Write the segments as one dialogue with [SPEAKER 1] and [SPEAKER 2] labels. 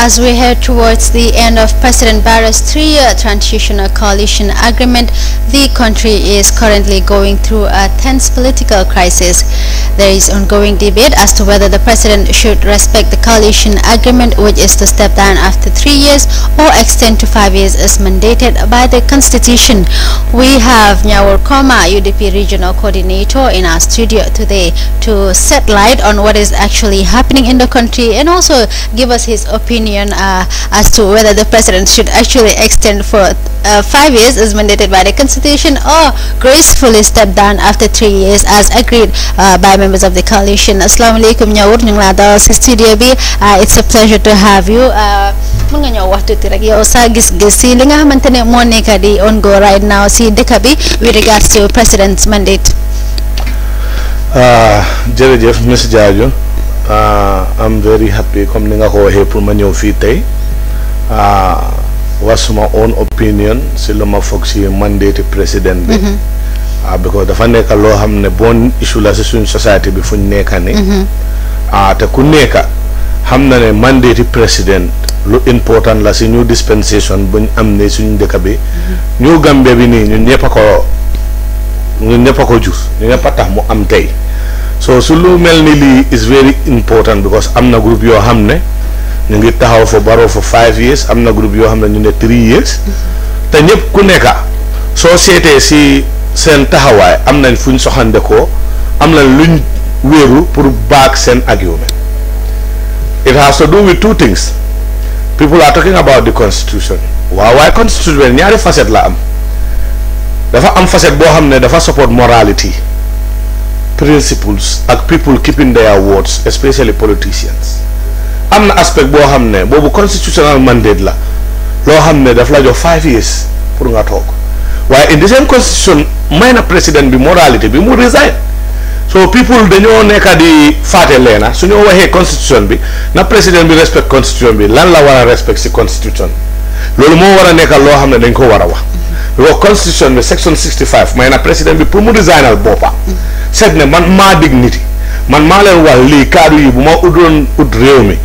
[SPEAKER 1] As we head towards the end of President Barra's three-year transitional coalition agreement, the country is currently going through a tense political crisis. There is ongoing debate as to whether the president should respect the coalition agreement, which is to step down after three years or extend to five years as mandated by the constitution. We have Nyawur Koma, UDP regional coordinator, in our studio today to set light on what is actually happening in the country and also give us his opinion opinion uh, as to whether the president should actually extend for uh, five years as mandated by the constitution or gracefully step down after three years as agreed uh, by members of the coalition. Assalamu alaikum ñawur ñu ngi studio bi it's a pleasure to have you. Uh, mën nga ñoo wax tuuti rek yow sa gis-gis si li nga xamante ne moo nekk on go right now si dëkk with regards to president's mandate.
[SPEAKER 2] Uh, jërëjëf Miss Jaaju. uh, I'm very happy comme ni nga ko waxee pour ma ñëw fii uh, was my own opinion si lu ma foog si mandate président bi mhm. ah because dafa nekk lo xam ne bon issue la si suñ société bi fuñ nekka ni mhm. ah te ku nekka xamna na ne mandate president. lu important la si new dispensation buñ am ne suñ dëkk bi mhm. ñu gambe bi ni ñun ñepp a ko ñun ñepp a ko jur ñepp tax mu am tay. so su lu mel ni lii is very important because am na groupe yoo xam ne ñu ngi taxaw fa baroo fa five years am na groupe yoo xam ne ñu ne three years te ñëpp ku nekka soo seetee si seen taxawaay am nañ fuñ soxandekoo am nañ luñ wéeru pour baag seen argument it has to do with two things people are talking about the constitution waaw waaye constitution ñaari facette la am dafa am facette boo xam ne dafa support morality principles ak people keeping their words especially politicians am na aspect boo xam ne boobu constitutional mandate la loo xam ne daf la jox five years pour nga toog waaye in the same constitution may na président bi moralité bi mu resign so people dañoo nekka di faate leena su ñoo waxee constitution bi na président bi respect constitution bi lan la war a respect si constitution loolu moo war a nekkal loo xam ne dañ ko war a wax lo constitution bi section 65 may na président bi pour mu designal boppam seet ne man maa dig nit yi man maa leen wal lii kaadu yi bu ma udoon ut réew mi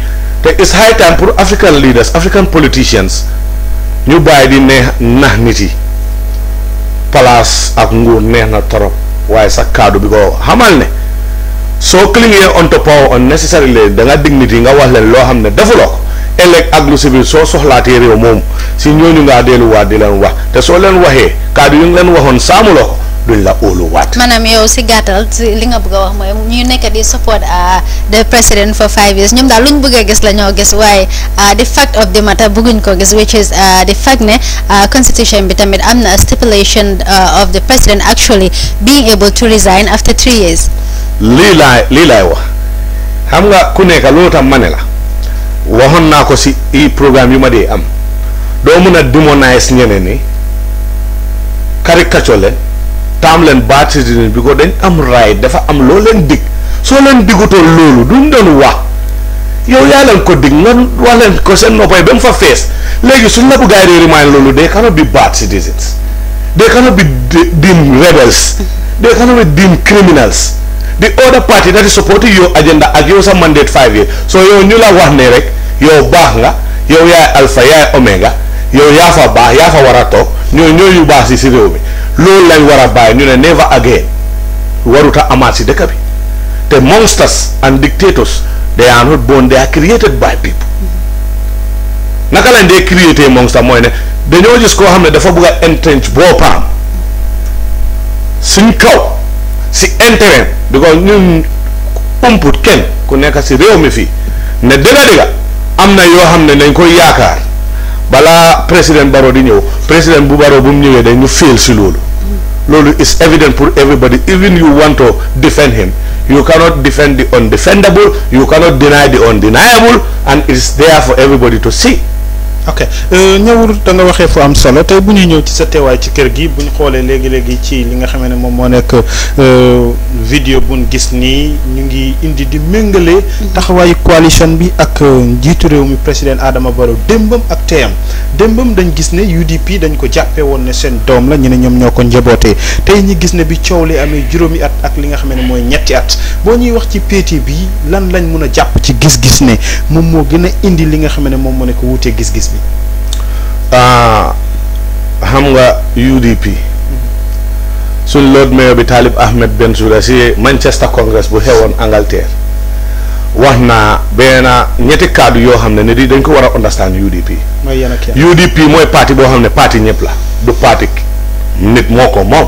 [SPEAKER 2] te it's high time pour african leaders african politicians ñu bàyyi di neex nax nit yi palaas ak nguur neex na torop waaye sax kaadu bi ko xamal ne soo clingee on to power unnecessarily da nga dig nit yi nga wax leen loo xam ne defuloo ko ëllëg ak lu si biir soo soxlaatee réew moom si ñooñu ngaa delluwaat di leen wax te soo leen waxee kàddu yu ngi leen waxoon saamuloo ko duñ la óoluwaat.
[SPEAKER 1] maanaam yow si gàttal li nga bëgg wax mooy ñu nekk di support ah, the president for five years ñoom daal luñ bëgg a gis la gis waaye ah, the fact of the matter bëgguñ ko gis which is ah, the fact ne constitution bi tamit am na stipulation of the president actually being able to resign after three years.
[SPEAKER 2] lii laay lii laay wax xam nga waxoon naa ko si i programme yu ma dee am doo mën a demonize ñeneen ni caricature leen taam leen bâtidini bi ko dañ am raay dafa am loo leen dig soo leen diggutoon loolu duñ doon wax yow yaa leen ko dig nga wax leen ko seen noppay ba mu fa fees léegi su la gaa réeri maa loolu they cannot be bad citizens they cannot be deemed rebels they cannot be deemed criminals the other party that is supporting your agenda ak yow sa mandate five years so yow ñu la wax ne rek yow baax nga yow yaay alpha yaay omega yow yaa fa baax yaa fa war a toog ñoo yu baax si si réew bi loolu lañ war a bàyyi ñu ne never again waruta amaat si dëkk bi te monsters and dictators they are not born they are created by people naka lañ dee create monster mooy ne dañoo gis koo xam ne dafa bëgg a entrench boppaam suñ kaw si intérêt because ñun umput kenn ku nekk si réew mi fi ne dëgga dëgga am na yoo xam ne dañ koy yaakaar balaa président Barrow di ñëw président bu Barrow bu mu ñëwee dañ ñu fail si loolu loolu is evident pour everybody even you want to defend him you cannot defend the undefendable you cannot deny the undeniable and it's there for everybody to
[SPEAKER 3] see ok ñëwul euh, da nga waxee fu am solo tey bu ñuy ñëw ci sa teewaay ci kër gi bu ñu xoolee léegi léegi ci li nga xam ne moom moo nekk euh, vidéo buñ gis nii ñu ngi indi di méngale. Mm-hmm. taxawaayu coalition bi ak euh, njiitu réew mi président Adama Barrow démbam ak teyam démbam dañ gis ne UDP dañ ko jàppee woon ne seen doom la ñu ne ñoom ñoo ko njabootee tey ñi gis ne bi coow li amee juróomi at ak li nga xam ne mooy ñetti at boo ñuy wax ci PT bi lan lañ mun a jàpp ci gis-gis ne moom moo gën a indi li nga xam ne moom moo nekk wuute gis-gis.
[SPEAKER 2] Ah, xam nga UDP suñ Lord Mayor bi Talib Ahmed Bensouda si Manchester Congress bu xewoon Angleterre wax naa benn ñetti kàddu yoo xam ne ne di dañ ko war a understand UDP UDP mooy parti boo xam ne parti ñëpp la du parti nit moo ko moom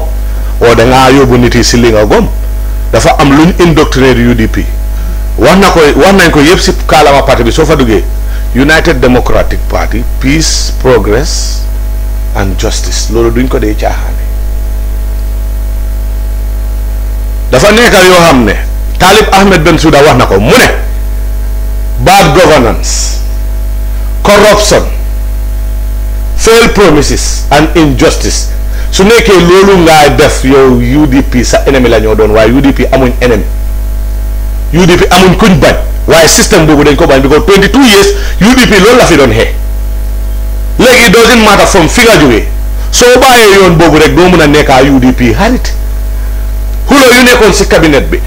[SPEAKER 2] oo dangaa yóbbu nit yi si li nga gom dafa am lu ñu indoctriner UDP wax na ko wax nañ ko yëpp si kaalama parti bi soo fa duggee United Democratic Party peace progress and justice loolu duñ ko dee caaxaane dafa nekkal yoo xam ne Talib Ahmed Bensouda wax na ko mu ne bad governance corruption failed promises and injustice su nekkee loolu ngaa def yow UDP sa ennemi la ñoo doon waaye UDP amuñ ennemi UDP amuñ kuñ bañ waaye système boobu dañ ko bañ because 22 years UDP loolu la fi doon xee léegi doesn't matter from fi nga jógee soo bàyyee yoon boobu rek doo mën a nekkaa UDP xarit xuloo yu nekkoon si cabinet bi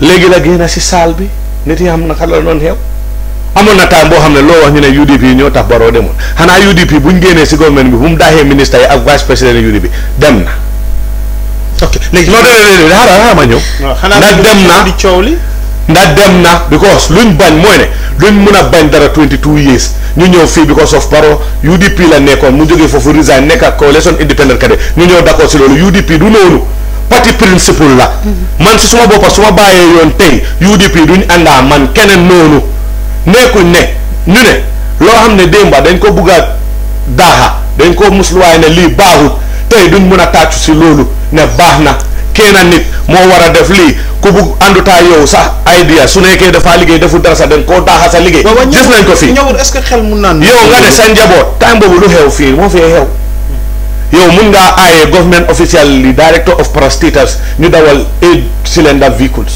[SPEAKER 2] léegi la génn si saal bi nit yi am naka la doon xew amoon na temps boo xam ne loo wax ñu ne UDP ñoo tax baroo demoon xanaa UDP buñ génnee si government bi bu mu daaxee ministre yi ak vice président UDP dem na ok léegi non déedéet xaaral ma ñëw. dem na di coow li. ndax dem na because luñ bañ mooy ne luñ mun a bañ dara 22 years ñu ñëw fii because of paro UDP la nekkoon mu jógee foofu resign nekk ak coalition independent kade ñu ñëw d'accord si loolu UDP du noonu parti principle la. Mm-hmm. man si suma boppa su ma bàyyee yoon tey UDP duñ àndaa man keneen noonu nekkuñ ne ñu ne loo xam ne démba dañ ko bugg a daaxa dañ ko musluwaay ne lii baaxul tey duñ mun a tàccu si loolu. ne baax na keena nit moo war a def lii ku bugg àndutaa yow sax idea su nekkee dafaa liggéey deful dara sa dañ koo daaxal sa liggéey gis nañ ko fii
[SPEAKER 3] yow nga ne sa njaboot
[SPEAKER 2] time boobu lu xew fii moo fee xew yow mun ngaa aaye government official li director of prosecutors ñu dawal eight cylinder vehicles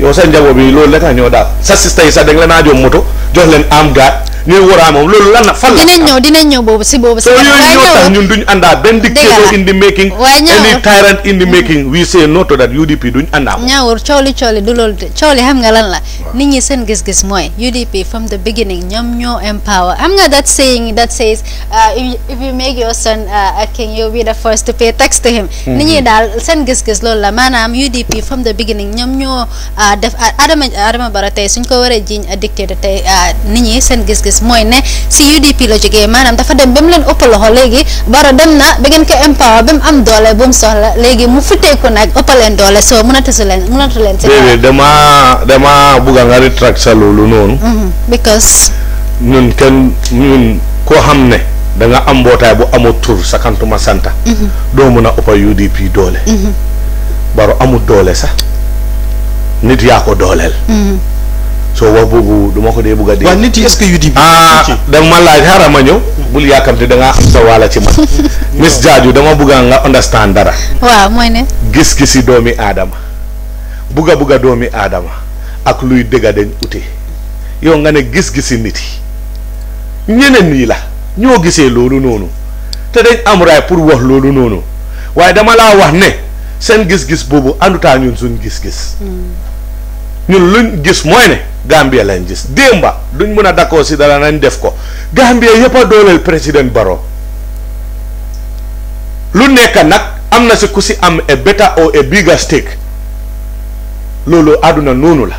[SPEAKER 2] yow sa njaboot bi loolu la tax daal sa sista yi sax da nga leen a moto jox leen am gaat ñooy wóoraa moom loolu lan la fan la. dinañ
[SPEAKER 1] ñëw dinañ ñëw boobu si boobu. si waaye ñëw yooyu ñoo tax
[SPEAKER 2] ñun duñ àndaa benn dictator in the making. waaye ñaawul any tyrant in the mm. making we say no to that UDP duñ àndaa.
[SPEAKER 1] ñaawul cooli cooli du loolu de cooli xam nga lan la. nit ñi seen gis-gis mooy UDP from the beginning ñoom ñoo empower am nga that saying that says uh, if you make your son uh, a king you'll be the first to pay tax to him. Mm-hmm. nit ñi daal seen gis-gis loolu la maanaam UDP from the beginning ñoom ñoo uh, def Adama Adama Barrow tey suñ ko waree jiiñ a dictator tey nit ñi seen gis-gis gis mooy ne si UDP la jógee maanaam dafa dem ba mu leen ëpp loxo léegi Barrow dem na ba ngeen ko empower ba mu am doole bu mu soxla léegi mu futteeku nag ëpp leen doole soo mënatu si leen mënatu leen si déedéet
[SPEAKER 2] damaa bugg a nga retract sa loolu noonu mhm,
[SPEAKER 1] because
[SPEAKER 2] ñun kenn ñun koo xam ne danga am mbootaay bu amul tur sakantuma santa mhm. doo mën a ëpp UDP doole mhm. Barrow amul doole sax nit yaa ko dooleel soo wax boobu du ko dee bugga a dee. waaw nit yi
[SPEAKER 3] est yu di. ah da ma laaj xaaral ma ñëw.
[SPEAKER 2] bul yàkkamte da ngaa am sa wàll ci man. Miss Jaaju dama bugg nga understand dara.
[SPEAKER 1] waaw mooy ne.
[SPEAKER 2] gis-gisi doomi aadama bugg a bugg a doomi aadama ak luy dëgg dañ nga ne gis-gisi nit yi ñeneen la ñoo gisee loolu noonu te dañ am pour wax loolu noonu waaye dama laa wax ne seen gis-gis boobu àndutaa ñun suñ gis-gis. Hmm. ñun luñ gis mooy ne. Gambia lañ gis démba duñ mën a d'accord si dara nañ def ko Gambia yëpp a dooleel président baro lu nekk nag am na si ku si am e better or e biga stake loolu aduna noonu la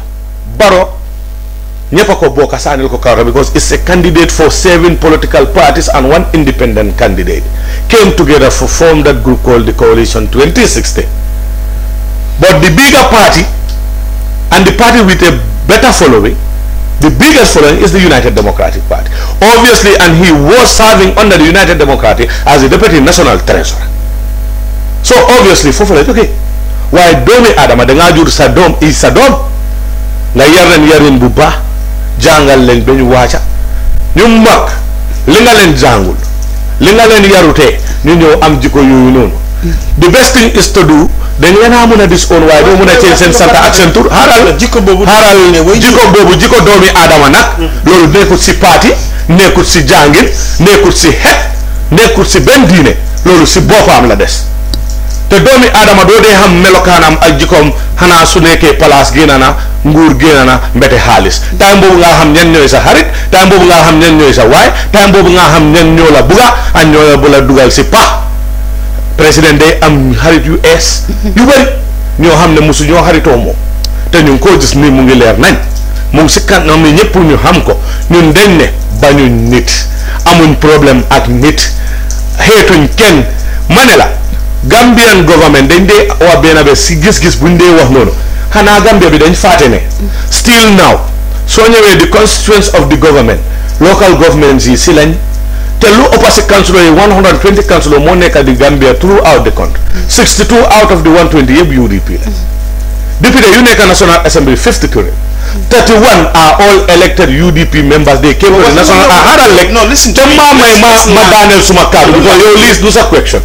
[SPEAKER 2] baro ñëpp a ko booka saanil ko kawra because it's a candidate for seven political parties and one independent candidate came together for form that group called the coalition 2016 but the bigger party and the party with a better following, the biggest following is the United Democratic Party. Obviously, and he was serving under the United Democratic as the Deputy National Treasurer. So obviously, Fofana, okay, why doomi Adama dangaa jur sa doom i sa doom nga yar leen yarin bu baax jàngal leen ba ñu waaca ñu mag li nga leen jàngul li nga leen yarutee ñu ñëw am jikko yooyu noonu the best thing is to leen a mën a disoon waaye doo mën a cee seen sant ak seen tur xaaral jikko boobu jikko doomi aadama nag loolu nekkul si paati nekkul si jàngin nekkul si xet nekkul si benn diine loolu si boo ko am la des te doomi aadama doo dee xam melokaanam ak jikkoom xanaa su nekkee palaas génn na nguur génn na mbete xaalis time boobu nga xam ñeen ñooy sa xarit time boobu nga xam ñan ñooy sa waay time boobu nga xam ñan ñoo la bugga si pax président day am xarit yu ees yu bëri ñoo xam ne mosu ñoo xaritoo moom te ñu ngi koo gis nii mu ngi leer nañ mu ngi si kanam ni ñëpp ñu xam ko ñun dañ ne bañuñ nit amuñ problème ak nit xeetuñ kenn ma ne la Gambian government dañ dee wax benn si gis-gis buñ dee wax noonu xanaa Gambia bi dañ fàtte ne still now soo ñëwee di constituents of the government local governments yi si lañ te lu ëpp si councilor yi 120 councilor moo nekk di Gambia throughout the country 62 out of the 120 yëpp UDP la député yu nekk National Assembly fifth current 31 are all elected UDP members they came to the national. ah ah ah léegi te ma ma daaneel suma kàddu. because yow lii du question.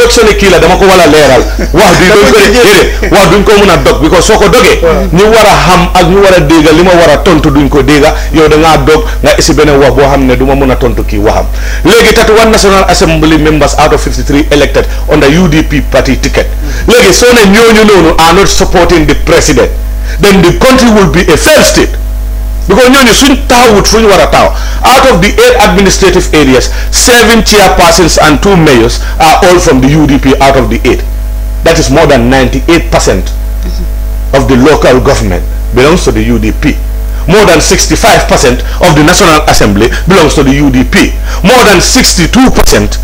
[SPEAKER 2] questionné kii la dama ko war a leeral wax bi duñ ko déedéet wax duñ ko mun a dog bi soo ko dogee ñu war a xam ak ñu war a dégga li ma war a tontu duñ ko dégga yow dangaa dog nga isi beneen wax boo xam ne du ma mun a tontu kii waxam léegi tati one national assembly members out of 53 elected on the UDP party ticket léegi soo ñooñu noonu are not supporting the president then the country will be a failed state because you suñ taxawut fuñ war a taxaw out of the eight administrative areas seven chairpersons and two mayors are all from the UDP out of the eight that is more than 98 percent of the local government belongs to the UDP more than 65 percent of the National Assembly belongs to the UDP more than 62 percent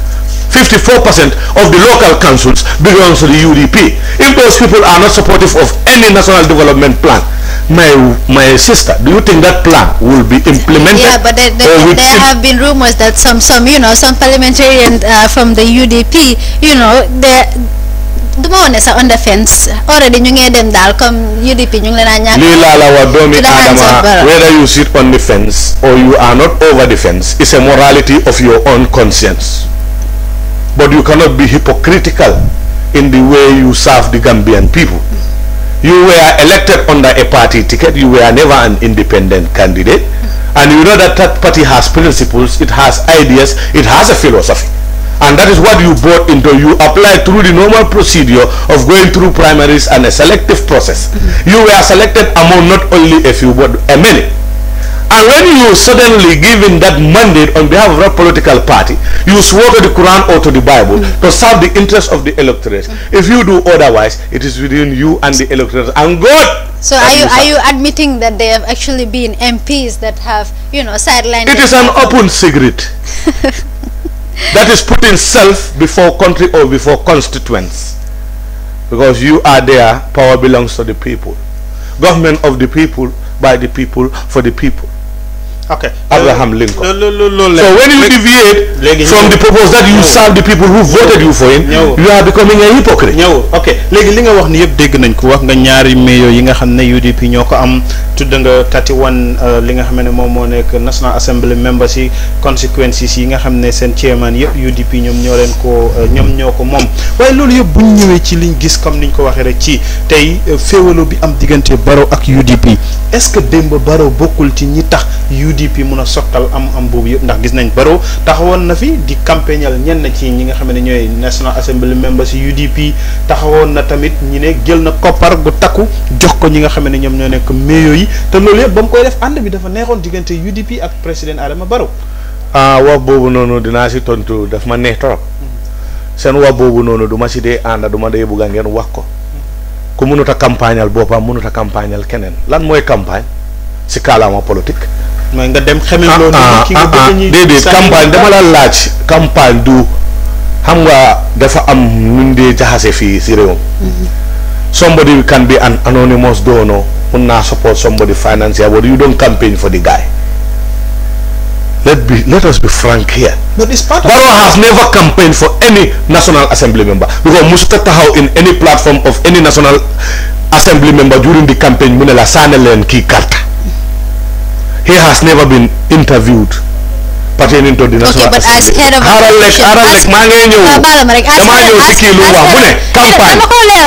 [SPEAKER 2] 54% of the local councils belongs to the UDP. If those people are not supportive of any national development plan, my my sister do you think that plan will be implemented yeah but there, there, there have
[SPEAKER 1] been rumors that some some you know some parliamentarian uh, from the udp you know they the woon ne on the fence already ñu ngee dem daal come. UDP whether
[SPEAKER 2] you sit on the fence or you are not over the fence It's a morality of your own conscience but you cannot be hypocritical in the way you serve the Gambian people you were elected under a party ticket. You were never an independent candidate. And you know that that party has principles, it has ideas, it has a philosophy. And that is what you brought into. You applied through the normal procedure of going through primaries and a selective process. Mm -hmm. You were selected among not only a few, but a many. And when you suddenly give in that mandate on behalf of that political party, you swear to the Quran or to the Bible mm to serve the interests of the electorate. Mm If you do otherwise, it is within you and the electorate and God. So are you, you
[SPEAKER 1] are you admitting that there have actually been MPs that have, you know, sidelined? It is an open
[SPEAKER 2] secret. that is putting self before country or before constituents. Because you are there, power belongs to the people. Government of the people, by the people, for the people. Okay. Abraham Lincoln.
[SPEAKER 3] L so when you deviate from the purpose that you serve the people who voted you for him, you are becoming a hypocrite. ñëw ok léegi li nga wax ni yëpp dégg nañ ko wax nga ñaari mayo yi nga xam ne UDP ñoo ko am tudd nga thirty one euh, li nga xam ne moom moo nekk National Assembly members yi consequences yi nga xam ne seen chairman yëpp UDP ñoom ñoo leen ko euh, ñoom ñoo ko moom waaye loolu yëpp bu ñu ñëwee ci liñ gis comme niñ ko waxee rek ci tey euh, féewaloo bi am diggante Barrow ak UDP est-ce que démb Barrow bokkul ci ñi tax UDP UDP mëna sokkal am am bobu yëp ndax gis nañ baro taxawon na fi di campagnal ñen ci ñi nga xam ne National Assembly members ci UDP taxawon na tamit ñi ne gel na copar gu takku jox ko ñi nga xam ne ñoom ñoo nekk meyo yi te loolu yëp bam koy def and bi dafa neexon digënté UDP ak président Adama Barrow ah wa bobu nonu dina ci tontu daf ma neex torop sen wa bobu nonu duma
[SPEAKER 2] ci si and duma dé bugan ngeen wax ko ku mënut a bopam boppam mënut a lan moy campagne kala politique mooy nga dem xamee ah, loolu ah, ki nga bëgg ñuy déedéet campagne dama la laaj campagne du xam nga dafa am nuñ dee jaxase fii si réew mhm. somebody can be an anonymous donor mun naa support somebody financier but you don't campaign for the guy let be let us be frank here
[SPEAKER 3] but it's part of Baro has
[SPEAKER 2] never campaigned for any national assembly member because Mustatahau in any platform of any national assembly member during the campaign munela sanelen ki karta he has never been interviewed pertaining to the national okay, assembly xaaral rek xaaral a as head of a coalition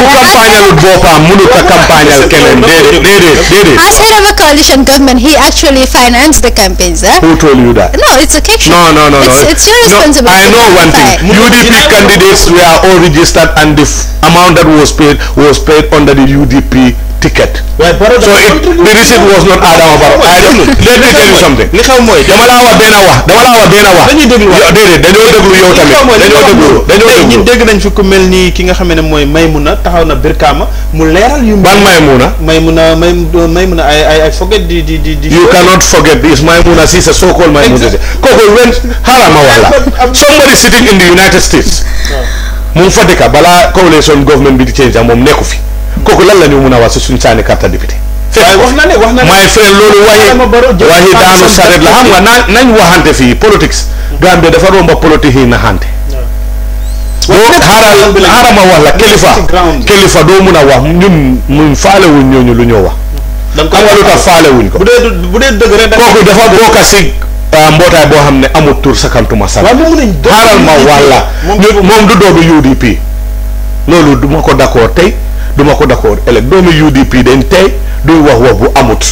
[SPEAKER 1] government he actually financed the campaigns eh? who
[SPEAKER 2] told you that no it's a kitchen no no no it's, no it's your responsibility no, I know one thing UDP candidates were all registered and the amount that was paid was paid under the UDP ticket. waaye Baro so it the receipt was not Adama Baro. I don't know let me tell you something. li xaw mooy dama laa wax benn wax dama laa wax benn wax. dañuy déglu wax déedéet dañoo déglu yow tamit dañoo déglu dañoo déglu ñun
[SPEAKER 3] dégg nañ fi ku mel ni ki nga xam ne mooy Maymuna taxaw na Birkama mu leeral yu. ban Maymuna. Maymuna may Maymuna ay ay ay forget di di di. you cannot forget this
[SPEAKER 2] Maymuna si sa so called Maymuna. kooku ren xaaral ma wax la somebody sitting in the United States. mu fa dëkk balaa coalition government bi di change moom nekku fi. kooku lan la ñu mun a wax suñu saani carte député.
[SPEAKER 3] wax na ne wax xam nga naa
[SPEAKER 2] nañ waxante fii politique. Gambie dafa romba politique kilifa kilifa doo mun lu ñoo wax. donc am nga ko. bu dee
[SPEAKER 3] bu dee dëgg rek kooku dafa si. Euh, mbootaay boo xam ne amul
[SPEAKER 2] tur sakantuma sal xaaral ma wàlla moom du doodu UDP loolu duma ko d'accord tey du ma ko d'accord ëllëg doomu UDP dañ tey duñ wax wax bu amut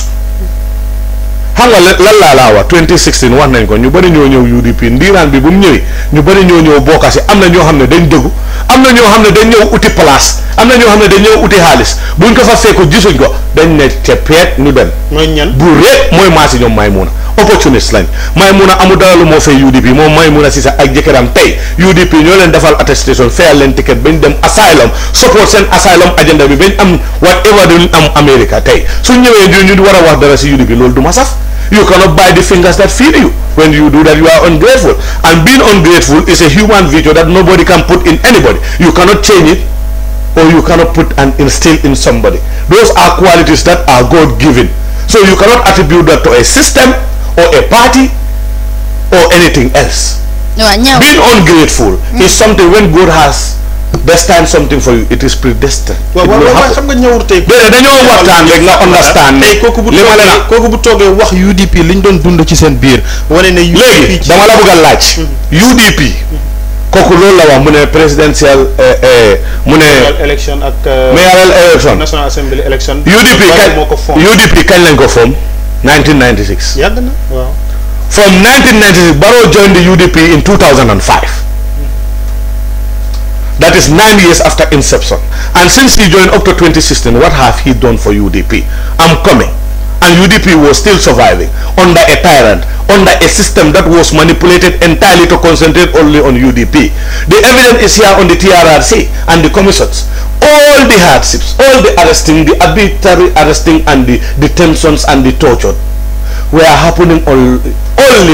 [SPEAKER 2] xam nga lan laa laa wax 2016 wax nañ ko ñu bëri ñoo ñëw UDP ndiiraan bi bu mu ñëwee ñu bëri ñoo ñëw bokkasi am na ñoo xam ne dañ dëggu am na ñoo xam ne dañ ñëw uti place am na ñoo xam ne dañ ñëw uti xaalis buñ ko fa fekku gisuñ ko dañ ne te peet ñu dem mooy ñan bu réet mooy maasi ñoom maay muuna opportunist lañ May amul dara lu moo fay UDP moom Maimouna Cissé ak jëkkëram tey UDP ñoo leen defal attestation fayal leen ticket bañ dem asylum support seen asylum agenda bi bañ am whatever do am America Tay. su you ñu ñu war what wax dara si UDP loolu du saf you cannot buy the fingers that feed you when you do that you are ungrateful and being ungrateful is a human virtue that nobody can put in anybody you cannot change it or you cannot put and instill in somebody those are qualities that are God given so you cannot attribute that to a system or a party or anything else.
[SPEAKER 1] Being ungrateful
[SPEAKER 2] mm. is something when God has destined something for you, it is predestined. Well, it well, will well, happen. Déedéet dañoo waxtaan rek nga understand ne li a
[SPEAKER 3] kooku bu toogee wax UDP ñu doon dund ci seen biir wane ne UDP léegi dama la bëgg a laaj mm-hmm. UDP kooku loolu la wax mu ne présidentielle eh,
[SPEAKER 2] eh, mu ne mayoral
[SPEAKER 3] élection euh, national assembly élection UDP kañ
[SPEAKER 2] UDP kañ lañ ko foom 1996.
[SPEAKER 3] Yeah, well.
[SPEAKER 2] From 1996, Barrow joined the UDP in 2005. That is nine years after inception. And since he joined up to 2016, what have he done for UDP? I'm coming and UDP was still surviving under a tyrant, under a system that was manipulated entirely to concentrate only on UDP. The evidence is here on the TRRC and the commissions. All the hardships, all the arresting, the arbitrary arresting and the detentions and the torture, were happening only,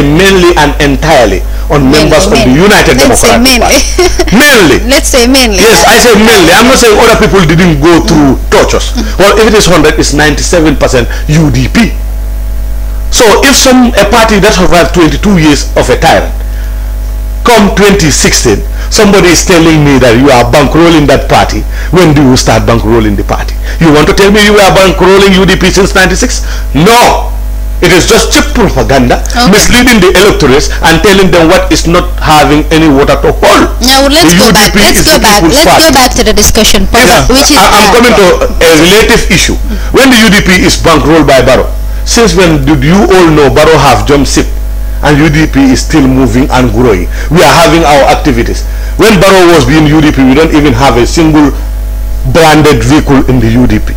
[SPEAKER 2] mainly, and entirely on members mainly, of the United Let's Democratic mainly.
[SPEAKER 1] Party. mainly. Let's say mainly. Yes, I say
[SPEAKER 2] mainly. I'm not saying other people didn't go through tortures. well, if it is 100, it's 97% UDP. So if some a party that survived 22 years of a tyrant, come 2016, somebody is telling me that you are bankrolling that party. When do you start bankrolling the party? You want to tell me you are bankrolling UDP since 96? No! It is just cheap propaganda, okay. misleading the electorates and telling them what is not having any water to hold. Now let's the go UDP back. Let's go back. Let's party. go
[SPEAKER 1] back to the discussion point, yeah. which is. I, am coming to
[SPEAKER 2] a relative issue. When the UDP is bankrolled by Barrow, since when did you all know Barrow have jumped ship? and UDP is still moving and growing. We are having our activities. When Barrow was being UDP, we don't even have a single branded vehicle in the UDP.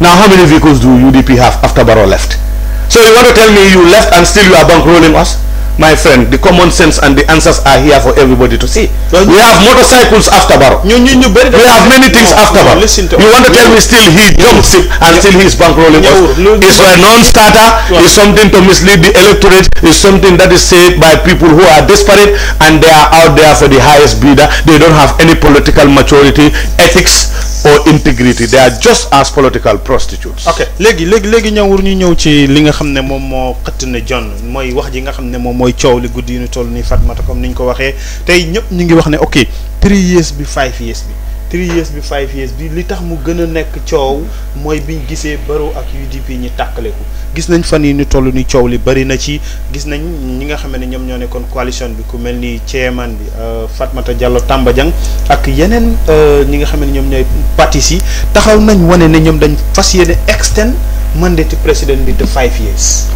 [SPEAKER 2] Now, how many vehicles do UDP have after Barrow left? So you want to tell me you left and still you are bankrolling us? My friend, the common sense and the answers are here for everybody to see. we have motorcycles after bar.
[SPEAKER 3] we have many things after bar. Listen to you want to tell me still he jumped ship and still he's bankrolling us?
[SPEAKER 2] It's oh, a non-starter. It's something to mislead the electorate. It's something that is said by people who are desperate and they are out there for the highest bidder. They don't have any political maturity, ethics, or integrity they are just as political prostitutes.
[SPEAKER 3] ok léegi léegi léegi ñëw war ñu ñëw ci li nga xam ne moom moo xëtt na John mooy wax ji nga xam ne moom mooy coow li guddi yi ñu toll nii Fatmata comme ni ñu ko waxee tey ñëpp ñu ngi wax ne ok three years bi five years bi. three years bi five years bi li tax mu gën a nekk coow mooy biñ gisee Barrow ak UDP ñi tàkkaleku gis nañ fan yi ñu toll ni coow li bëri na ci gis nañ ñi nga xam ne ñoom ñoo nekkoon coalition bi ku mel ni chairman bi euh, Fatmata Diallo Tamba Dieng ak yeneen euh, ñi nga xam ne ñoom ñooy partis yi taxaw nañ wane ne ñoom dañ fas yéene extend mandate président bi de five years.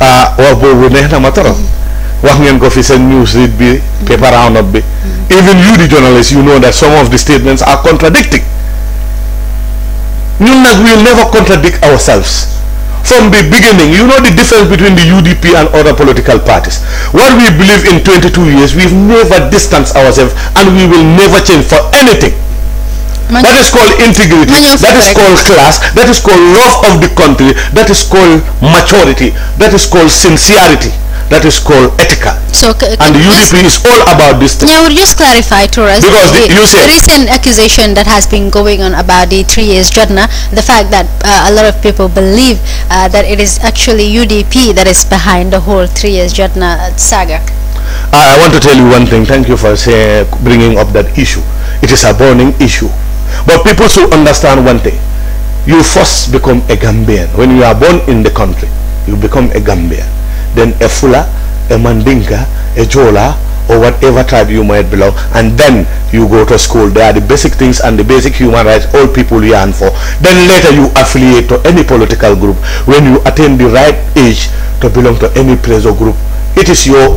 [SPEAKER 3] ah
[SPEAKER 2] waaw boobu neex na ma trop. Mm-hmm. wax ngeen news read be? paper roundup bi even you the journalist you know that some of the statements are contradicting ñun nag we'll never contradict ourselves from the beginning you know the difference between the UDP and other political parties what we believe in 22 years we've never distanced ourselves and we will never change for anything
[SPEAKER 4] that is called integrity that is called
[SPEAKER 2] class that is called love of the country that is called maturity that is called sincerity that is called etika.
[SPEAKER 1] So and UDP
[SPEAKER 2] is all about this thing. Yeah,
[SPEAKER 1] would just clarify to us because the, the, you said, an accusation that has been going on about the three years Jodna, the fact that uh, a lot of people believe uh, that it is actually UDP that is behind the whole three years Jodna uh, saga.
[SPEAKER 2] I, I want to tell you one thing. Thank you for say, bringing up that issue. It is a burning issue. But people should understand one thing. You first become a Gambian. When you are born in the country, you become a Gambian then a Fula, a Mandinka, a Jola, or whatever tribe you might belong and then you go to school There are the basic things and the basic human rights all people yearn for then later you affiliate to any political group when you attain the right age to belong to any place or group it is your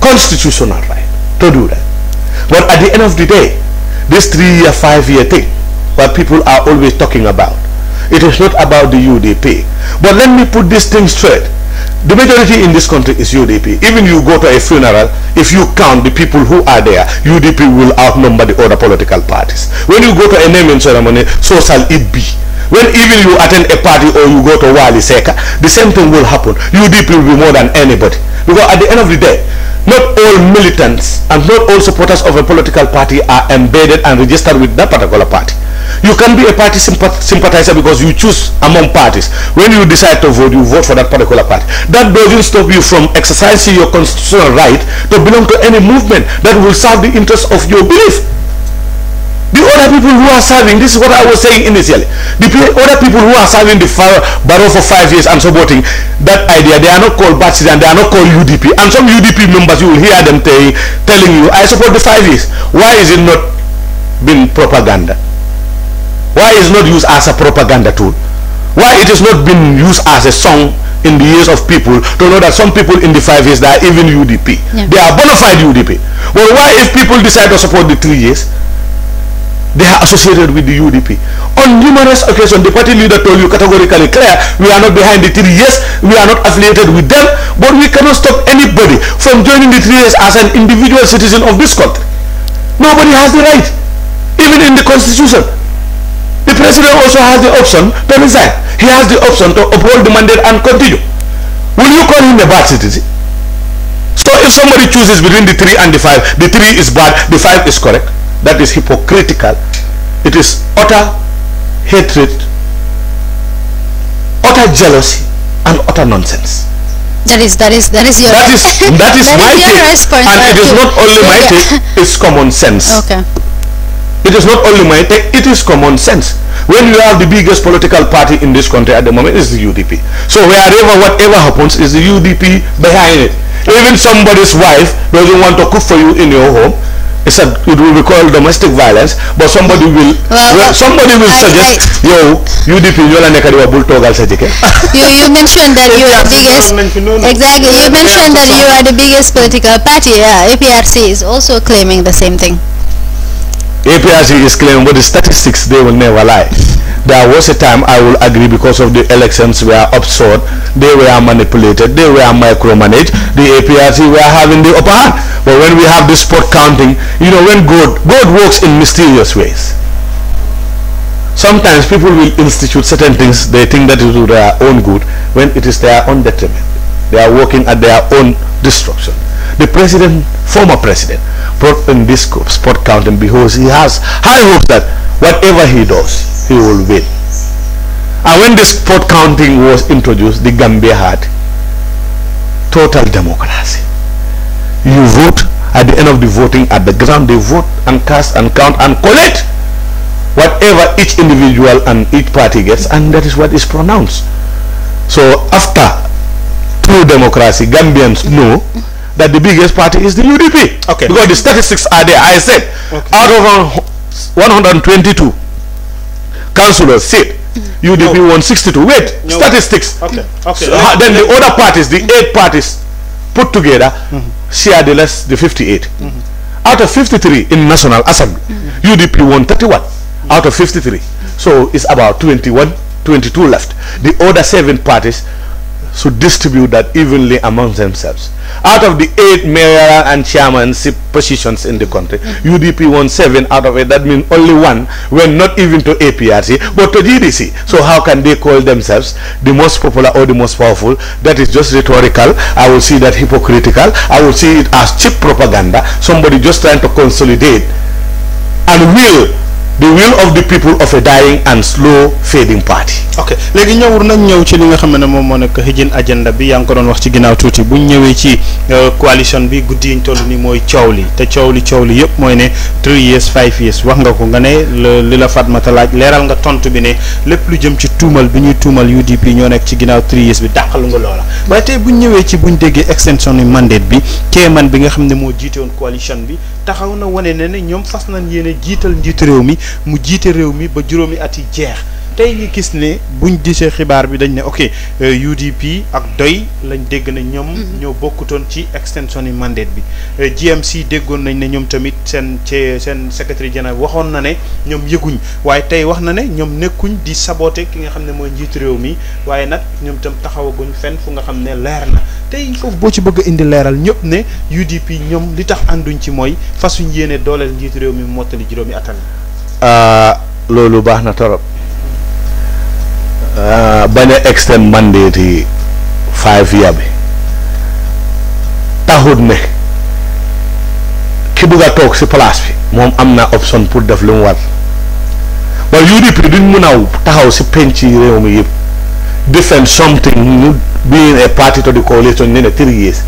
[SPEAKER 2] constitutional right to do that but at the end of the day this three-year five-year thing what people are always talking about it is not about the UDP but let me put this thing straight the majority in this country is UDP. Even you go to a funeral, if you count the people who are there, UDP will outnumber the other political parties. When you go to a naming ceremony, so shall it be. When even you attend a party or you go to Wali Seka, the same thing will happen. UDP will be more than anybody. Because at the end of the day, not all militants and not all supporters of a political party are embedded and registered with that particular party. You can be a party sympathizer because you choose among parties. When you decide to vote, you vote for that particular party. That doesn't stop you from exercising your constitutional right to belong to any movement that will serve the interests of your belief. The other people who are serving, this is what I was saying initially. The other people who are serving the barrel for five years and supporting that idea, they are not called Batsis and they are not called UDP. And some UDP members, you will hear them telling you, I support the five years. Why is it not being propaganda? why is not used as a propaganda tool why it is not being used as a song in the ears of people to know that some people in the five years they are even UDP yeah. they are bona fide UDP well why if people decide to support the three years they are associated with the UDP. On numerous occasions, the party leader told you categorically, clear, we are not behind the three years, we are not affiliated with them, but we cannot stop anybody from joining the three years as an individual citizen of this country. Nobody has the right, even in the constitution the president also has the option to resign. He has the option to uphold the mandate and continue. Will you call him a bad citizen? So if somebody chooses between the three and the five, the three is bad, the five is correct. That is hypocritical. It is utter hatred, utter jealousy, and utter nonsense.
[SPEAKER 1] That is that is that is your that is that is that
[SPEAKER 2] my take. And it is not only my take; it's common sense. Okay. It is not only mine, it is common sense. When you have the biggest political party in this country at the moment is the UDP. So wherever, whatever happens is the UDP behind it. Even somebody's wife doesn't want to cook for you in your home. It's a, it will be called domestic violence, but somebody will well, well, somebody will I, suggest I, yo UDP yola nekadiwa bultogal sajike.
[SPEAKER 1] You you mentioned that you are biggest exactly you mentioned that you are the biggest political party. Yeah, APRC is also claiming the same thing.
[SPEAKER 2] APRC is claiming, but the statistics, they will never lie. There was a time I will agree because of the elections were absurd, they were manipulated, they were micromanaged, the APRC were having the upper hand. But when we have this spot counting, you know, when God, God works in mysterious ways. Sometimes people will institute certain things, they think that is to their own good, when it is their own detriment. They are working at their own destruction the president, former president, brought in this sport counting because he has high hopes that whatever he does, he will win. And when this sport counting was introduced, the Gambia had total democracy. You vote at the end of the voting at the ground, they vote and cast and count and collect whatever each individual and each party gets and that is what is pronounced so after true democracy gambians know that the biggest party is the UDP. Okay. Because the statistics are there. I said okay. out of 122 councillors sit. UDP no. 162. Wait, no. statistics.
[SPEAKER 3] Okay. Okay. So, then
[SPEAKER 2] the other parties, the eight parties put together, mm -hmm. share the less the 58. Mm -hmm. Out of 53 in National Assembly, mm -hmm. UDP 131 out of 53. So it's about 21, 22 left. The other seven parties should distribute that evenly among themselves. Out of the eight mayoral and chairmanship positions in the country, UDP won seven out of it. That means only one went not even to APRC, but to GDC. So how can they call themselves the most popular or the most powerful? That is just rhetorical. I will see that hypocritical. I will see it as cheap propaganda. Somebody just trying to consolidate and will
[SPEAKER 3] the will of the people of a dying and slow fading party. ok léegi ñëw nañ ñëw ci li nga xam ne moom moo nekk hidden agenda bi yaa ngi ko doon wax ci ginnaaw tuuti bu ñëwee ci euh, coalition bi guddi yi ñu nii mooy coow li te coow li coow li yëpp mooy ne three years five years wax nga ko nga ne li la Fatmata laaj leeral nga tontu bi ne lépp lu jëm ci tuumal bi ñuy tuumal UDP ñoo nekk ci ginnaaw three years bi dàqalu nga loola waaye tey bu ñu ñëwee ci buñ ñu déggee extension yu mandate bi Kéeman bi nga xam ne moo jiite woon bi taxaw na wane ne ne ñoom fas nañ yéene jiital njiitu réew mi mu jiite réew mi ba juróomi at yi jeex tey ñu gis ne buñ gisee xibaar bi dañ ne ok UDP euh, ak doy lañ dégg na ñoom mm-hmm. ñoo bokkutoon ci extension yi mandate bi euh, GMC déggoon nañ ne ñoom tamit seen ci seen secrétaire général waxoon na ne ñoom yëguñ waaye tey wax na ne ñoom nekkuñ di saboter ki nga xam ne mooy njiit réew mi waaye nag ñoom tam taxawaguñ fenn fu nga xam ne leer na tey foofu boo ci bëgg a indi leeral ñëpp ne UDP ñoom li tax ànduñ ci mooy fasuñ yéene dooleel njiitu réew mi mottali juróomi atal
[SPEAKER 2] Ah, loolu baax na torop ah, bañ a extend mandate yi five year bi taxut ne ki bugg a toog si place bi moom am na option pour def li mu war waaye UDP duñ mun a taxaw si penc yi réew mi yëpp defend something ñu being a party to the coalition ne ne three years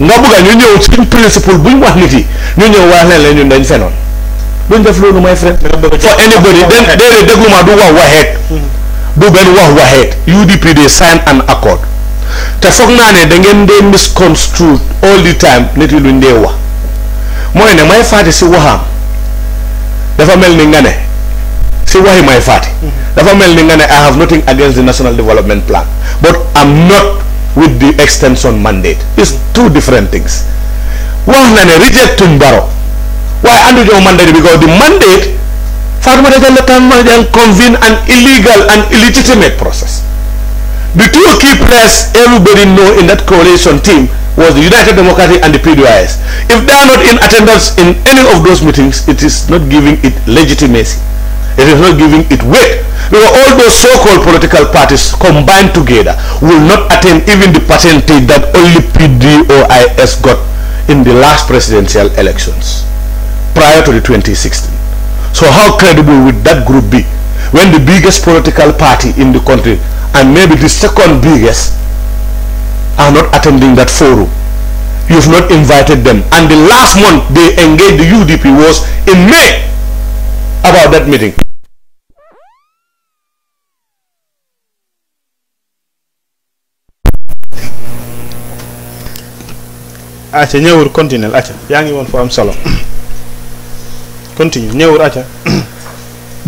[SPEAKER 2] nga bugg a ñu ñëw suñ principle buñ wax nit yi ñu ñëw wax leen leen ñun dañ fenoon duñ def loolu my friend. for anybody then déedéet déglu ma du wax waxeet. du benn wax waxeet. UDP de sign an accord te foog naa ne da ngeen dee misconstrued all the time nit yi luñ dee wax mooy ne may faati si waxaam dafa mel ni nga ne si waxi may faati. dafa mel ni nga ne I have nothing against the national development plan but I'm not with the extension mandate. it's two different things wax na ne rejectuñ baro. Why under your mandate? Because the mandate, Fatma Rajan convened an illegal and illegitimate process. The two key players everybody know in that coalition team was the United Democratic and the PDIS. If they are not in attendance in any of those meetings, it is not giving it legitimacy. It is not giving it weight. Because all those so-called political parties combined together will not attain even the percentage that only PDOIS got in the last presidential elections prior to the 2016. So how credible would that group be when the biggest political party in the country and maybe the second biggest are not attending that forum? You've not invited them. And the last month they engaged the UDP was in May about that meeting.
[SPEAKER 3] Acha ñëwul continuel acha yaa ngi woon fo Continue.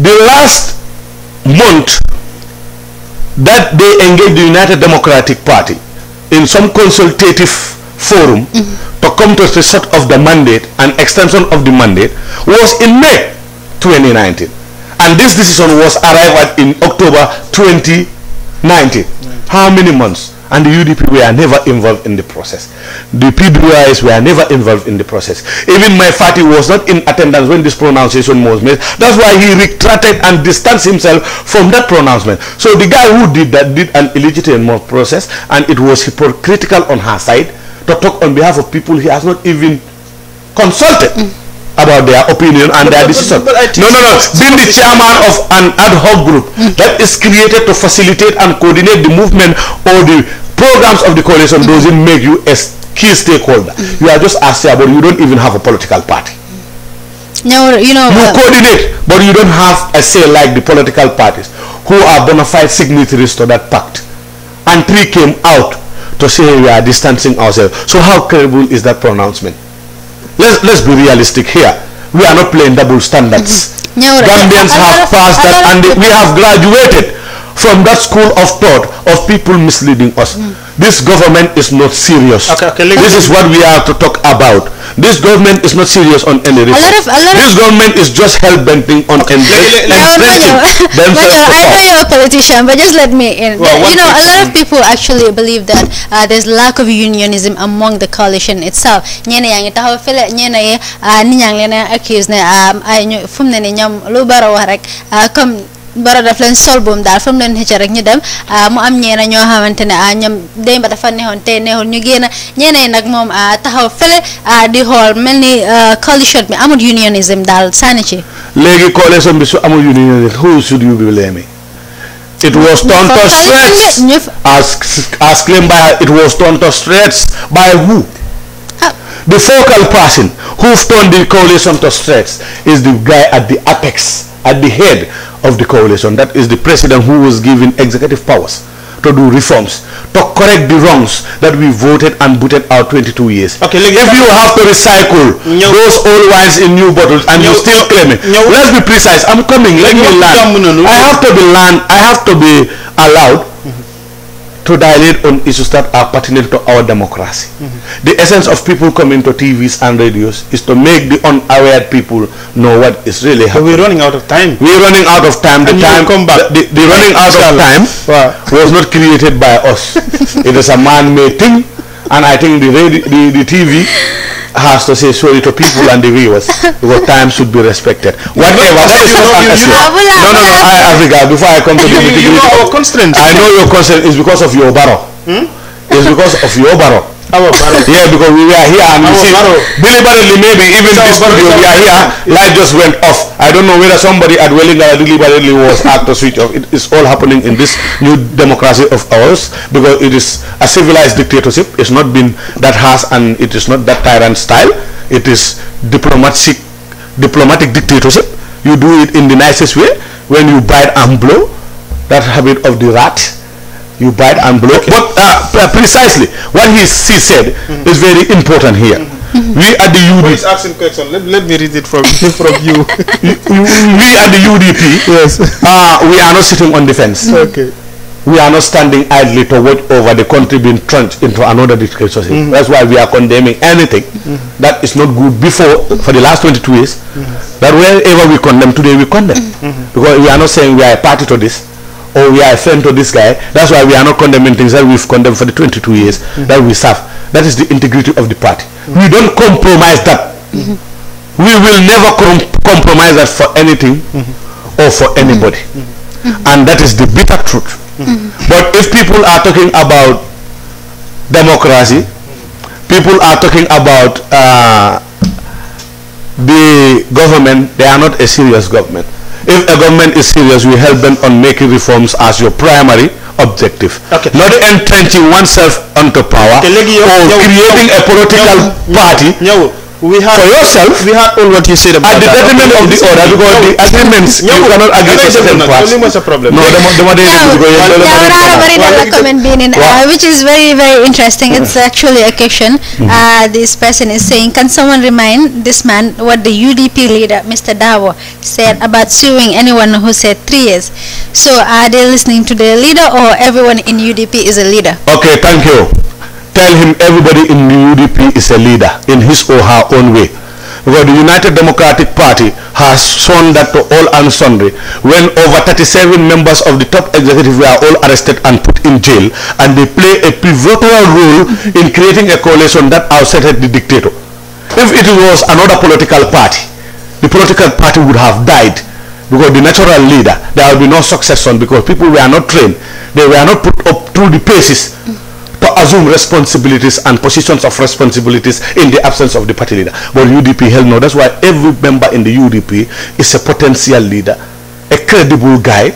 [SPEAKER 3] the last month that they
[SPEAKER 2] engaged the United Democratic Party in some consultative forum mm -hmm. to come to the set of the mandate and extension of the mandate was in May 2019. And this decision was arrived at in October 2019. How many months? and the UDP were never involved in the process. The PDIs were never involved in the process. Even my father was not in attendance when this pronunciation was made. That's why he retracted and distanced himself from that pronouncement. So the guy who did that did an illegitimate process and it was hypocritical on her side to talk on behalf of people he has not even consulted. Mm. about their opinion and but, their decision. But, but, no, no, no. Being the chairman of an ad hoc group that is created to facilitate and coordinate the movement or the programs of the coalition doesn't make you a key stakeholder. You are just a but You don't even have a political party.
[SPEAKER 1] No, you know. You uh,
[SPEAKER 2] coordinate, but you don't have a say like the political parties who are bona fide signatories to that pact. And three came out to say we are distancing ourselves. So how credible is that pronouncement? Let's let's be realistic here. We are not playing double standards. Mm -hmm. Gambians have passed that, and we have graduated from that school of thought of people misleading us. Mm. This government is not serious. Okay, okay, this is what we have to talk about. This government is not serious on any reason. this government is just hell benting on okay. enriching themselves. Uh, I
[SPEAKER 1] know you're a politician, but just let me in. Well, you know, a lot of people actually believe that uh, there's lack of unionism among the coalition itself. Nyene uh, accuse ne um, ay fum ne lubaro warek uh, come bara daf sol buum daal fa mu leen rek ñu dem ah, mu am ñeena ñoo xamante ne ah, ñoom démb dafa neexoon tey neexul ñu génn ñeena yi nag ah, taxaw fële di xool mel coalition bi amul unionism daal sànni ci.
[SPEAKER 2] léegi coalition bi su amul unionism who should you be blaming It was done to shreds. As, as claimed by it was torn to shreds by who? The focal person who torn the coalition to shreds is the guy at the apex at the head of the coalition. That is the president who was given executive powers to do reforms, to correct the wrongs that we voted and booted out 22 years. if you have to recycle those old wines in new bottles and you still claim let's be precise. I'm coming. Let me land. I have to be allowed to dilate on issues that are pertinent to our democracy. Mm-hmm. The essence of people coming to TVs and radios is to make the unaware people know what is really happening. But
[SPEAKER 3] running out of time. The time
[SPEAKER 2] was not created by us. it is a man-made thing, and I think the TV has to say sorry to people and the viewers because time should be respected. Whatever. No, you know, you, no, no, no, I, Africa, before I come to the you, you know our constraint. I know your constraint is because of your barrel. Hmm? It's because of your barrel. yeah, because we were here and you see, deliberately maybe even this video, we are here, light just went off. I don't know whether somebody at Wellinga deliberately was at the switch off. It is all happening in this new democracy of ours because it is a civilized dictatorship. It's not been that harsh and it is not that tyrant style. It is diplomatic, diplomatic dictatorship. You do it in the nicest way when you bite and blow. That habit of the rat you bite and blow. Okay. But uh, precisely what he, he said mm -hmm. is very important here. Mm
[SPEAKER 3] -hmm. We at the UDP. He's asking question. Let, let me read it from from you. we at the UDP. Yes. Uh, we are not sitting on defense. Okay. We are not standing
[SPEAKER 2] idly to watch over the country being trunched into another dictatorship. Mm -hmm. That's why we are condemning anything mm-hmm. that is not good before for the last 22 years. Mm-hmm. That wherever we condemn today, we condemn mm-hmm. because we are not saying we are a party to this or oh, we are a friend to this guy. That's why we are not condemning things that we've condemned for the 22 years mm -hmm. that we serve. That is the integrity of the party. Mm -hmm. We don't compromise that. Mm -hmm. We will never com compromise that for anything or for anybody. And that is the bitter truth. But if people are talking about democracy, people are talking about uh, the government, they are not a serious government. if a government is serious, you help them on making reforms as your primary objective. Okay. Not entrenching oneself onto power or creating a political party.
[SPEAKER 3] we had, for yourself we have all what you said about at the detriment of the order because no, the agreements you cannot agree with them. parts only much a problem no dama dama dey
[SPEAKER 1] because which is very very interesting it's actually a question mm-hmm. uh, this person is saying can someone remind this man what the UDP leader Mr Dawo said about suing anyone who said 3 years so are they listening to the leader or everyone in UDP is a leader
[SPEAKER 2] okay thank you tell him everybody in the UDP is a leader in his or her own way. Because the United Democratic Party has shown that to all and sundry when over 37 members of the top executive were all arrested and put in jail and they play a pivotal role in creating a coalition that ousted the dictator. If it was another political party, the political party would have died because the natural leader, there will be no successor. because people were not trained. They were not put up through the paces to assume responsibilities and positions of responsibilities in the absence of the party leader. But UDP, hell no. That's why every member in the UDP is a potential leader, a credible guy,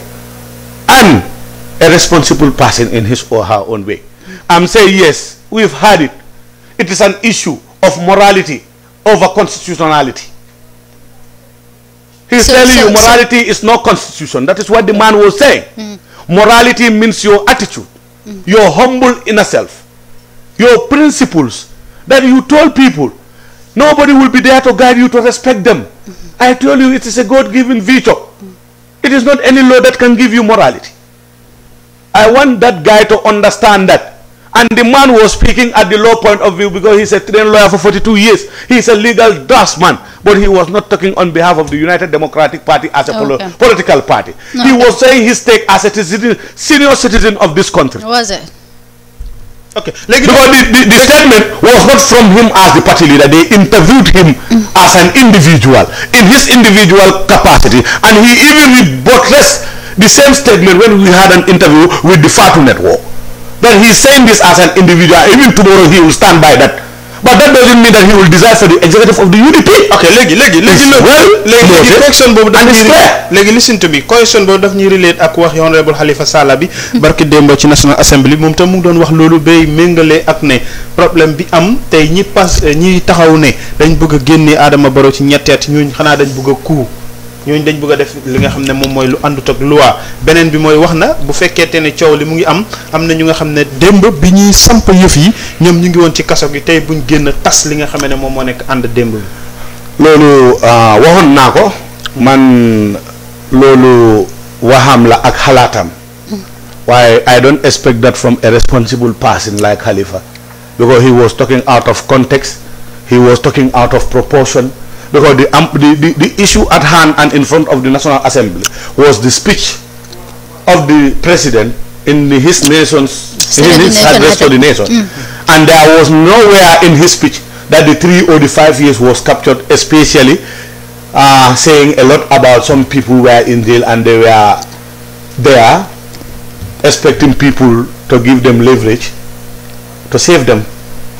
[SPEAKER 2] and a responsible person in his or her own way. I'm saying yes, we've had it. It is an issue of morality over constitutionality. He's so, telling so, you morality so. is not constitution. That is what the man was saying. Mm. Morality means your attitude your humble inner self, your principles that you told people. Nobody will be there to guide you to respect them. I told you it is a God-given virtue. It is not any law that can give you morality. I want that guy to understand that. And the man was speaking at the low point of view because he's a trained lawyer for 42 years. He's a legal draftsman, but he was not talking on behalf of the United Democratic Party as a oh, okay. political party. No, he was saying his take as a citizen, senior citizen of this country. Was it? Okay. because the, the, the statement was not from him as the party leader. They interviewed him mm. as an individual, in his individual capacity. And he even rebuttresses the same statement when we had an interview with the Fatu Network. that he's saying this as an individual. Even tomorrow he will stand by that. But that doesn't mean that he will decide for the executive of the UDP. Okay, léegi léegi léegi loolu léegi léegi
[SPEAKER 3] léegi listen to me question boobu daf ñuy relate ak wax honorable Halifa Sallah bi barki démb ci National Assembly moom tam mu ngi doon wax loolu bay méngale ak ne problème bi am tey ñi pas ñi taxaw ne dañ bëgg a génne aadama Barrow ci ñetteet ñooñu xanaa dañ bëgg a kuu ñooñu dañ bëgg def li nga xam ne moom mooy lu àndut ak loi beneen bi mooy wax na bu fekkente ne coow li mu ngi am am na ñu nga xam ne démb bi ñuy samp yëf yi ñoom ñu ngi woon ci kaso gi tey buñ génn tas li nga xam ne moom moo nekk ànd démb bi.
[SPEAKER 2] loolu euh, waxoon naa ko. man loolu waxam la ak xalaatam. waaye I don't expect that from a responsible person like Khalifa because he was talking out of context he was talking out of proportion. Because the, um, the, the, the issue at hand and in front of the National Assembly was the speech of the president in his nation's in his address to the nation. Mm. And there was nowhere in his speech that the three or the five years was captured, especially uh, saying a lot about some people were in jail and they were there expecting people to give them leverage to save them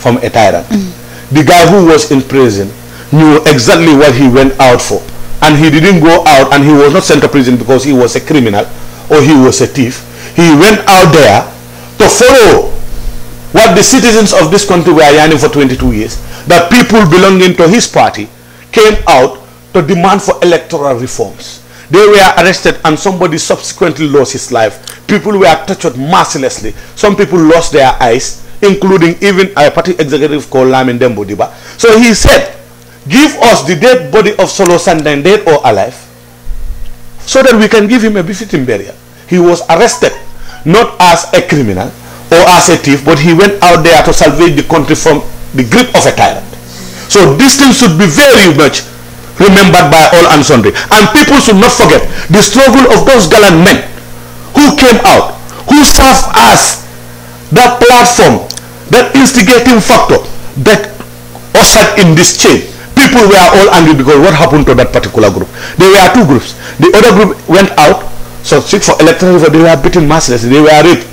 [SPEAKER 2] from a tyrant. Mm. The guy who was in prison knew exactly what he went out for. And he didn't go out and he was not sent to prison because he was a criminal or he was a thief. He went out there to follow what the citizens of this country were yearning for 22 years. That people belonging to his party came out to demand for electoral reforms. They were arrested and somebody subsequently lost his life. People were tortured mercilessly. Some people lost their eyes, including even a party executive called Lamin Dembo So he said Give us the dead body of Solo Sandan, dead or alive, so that we can give him a befitting burial. He was arrested, not as a criminal or as a thief, but he went out there to salvage the country from the grip of a tyrant. So this thing should be very much remembered by all and sundry. And people should not forget the struggle of those gallant men who came out, who served as that platform, that instigating factor that ushered in this change people were all angry because what happened to that particular group? There were two groups. The other group went out, so seek for electoral reform. They were beaten mercilessly. They were raped.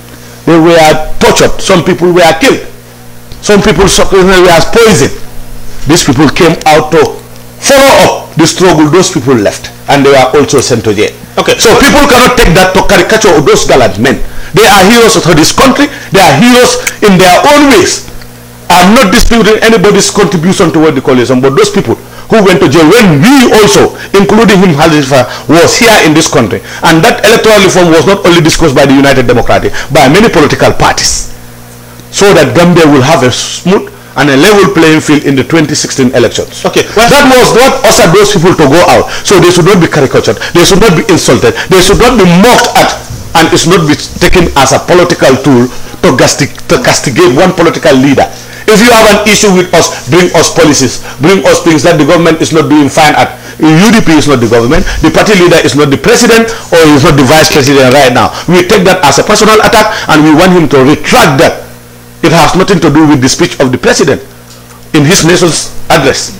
[SPEAKER 2] They were tortured. Some people were killed. Some people suffered were poisoned. These people came out to follow up the struggle. Those people left, and they were also sent to jail. Okay. So people cannot take that to caricature of those gallant men. They are heroes of this country. They are heroes in their own ways. I'm not disputing anybody's contribution toward the coalition, but those people who went to jail when we also, including him, Halifa, was here in this country. And that electoral reform was not only discussed by the United Democratic, by many political parties, so that Gambia will have a smooth and a level playing field in the 2016 elections. Okay. Well, that was what also those people to go out. So they should not be caricatured. They should not be insulted. They should not be mocked at and it's not be taken as a political tool to, to castigate one political leader. If you have an issue with us, bring us policies, bring us things that the government is not doing fine at. UDP is not the government, the party leader is not the president, or is not the vice president right now. We take that as a personal attack and we want him to retract that. It has nothing to do with the speech of the president. in his nation's address.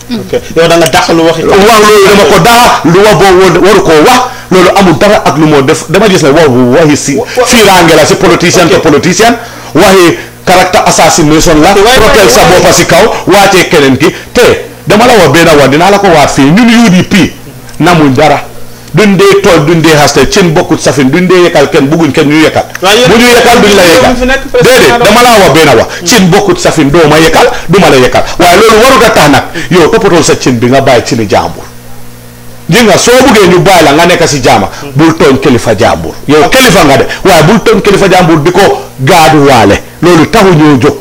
[SPEAKER 2] yow da nga dàq lu wax. waaw loolu dama ko dara lu loolu amul dara ak lu moo def dama gis ne waaw waxi si. fiiraange la si politicien te politicien waxi caractère assassination la. rotel sa boppa si kaw waatee keneen ki te dama la wax benn wax dinaa la ko waat fii ñun UDP namuñ dara. duñ dee du duñ dee xaste cin bokkut safin duñ dee yekkal kenn bugguñ kenn ñu yekkal bu ñu yekkal duñ la yekkal déedéet dama laa wax benn wax hmm. cin bokkut safin doo ma yekkal du ma la yekkal waaye loolu warut a tax nag yow toppatool sa cin bi nga bàyyi ci ni jàmbur dégg nga soo buggee ñu bàyyi la nga nekk si jaama hmm. bul tooñ kilifa jàmbur yow kilifa nga de waaye bul tooñ kilifa jàmbur di ko gaaduwaale loolu taxu ñoo jóg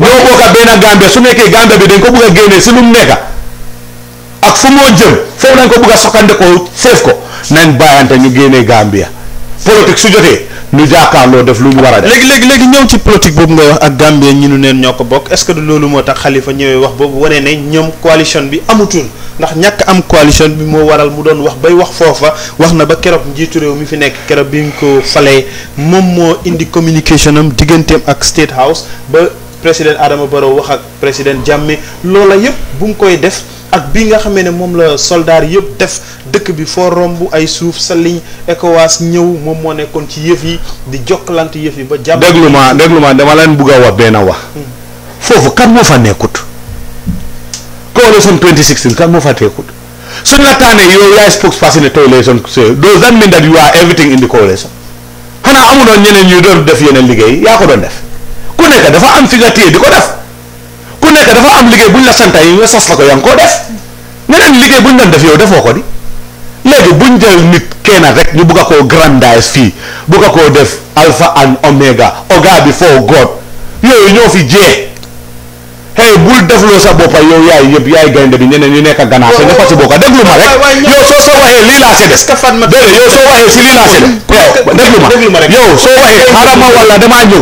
[SPEAKER 2] ñoo bokk benn su nekkee Gambia bi dañ ko bugg a génnee si ak fu moo jëm foofu nañ ko bëgg a sokkandikoo seef ko nañ bàyyante ñu génnee Gambia
[SPEAKER 3] politique su jotee ñu jàkkaarloo def lu mu war a def. léegi léegi ñëw ci politique boobu nga wax ak Gambia ñi nu neen ñoo ko bokk est-ce que loolu moo tax Khalifa ñëwee wax boobu wane ne ñoom coalition bi amutul ndax ñàkk am coalition bi moo waral mu doon wax bay wax foofa wax na ba keroog njiitu réew mi fi nekk keroog bi ñu ko falee moom moo indi communication am digganteem ak State House ba président Adama Barrow wax ak président Jammeh loola yëpp bu mu koy def. ak bi nga xamee ne moom la soldaar yëpp def dëkk bi foo romb ay suuf sa liñ ECOWAS ñëw moom moo nekkoon ci yëf yi di jokkalante yëf yi ba jàpp déglu ma déglu ma
[SPEAKER 2] dama leen bugg a wax benn wax foofu kan moo fa nekkut coalition 2016 kan moo fa nekkut suñ la tànnee yow yaay spokesperson ne coalition does that mean that you are everything in the coalition xanaa amuloon ñeneen ñu doon def yeneen liggéey yaa ko doon def ku nekk dafa am fi nga que dafa am liggéey bu ñu la sant yi nga sas la ko yaa ngi koo def ñeneen liggéey bu ñu doon def yow defoo ko di léegi bu ñu jël nit kenn rek ñu bugg a koo grandise fii bugg a koo def alpha and omega oga bi foo god yooyu ñoo fi jee bul defloo sa boppa yow yaay yëpp yaay gaynde bi ñeneen ñu nekk ak ganaar te ñëpp a si bokk déglu ma rek yow soo soo waxee lii laa séddee déedéet yow soo waxee si lii laa séddee déglu ma yow soo waxee xaaral ma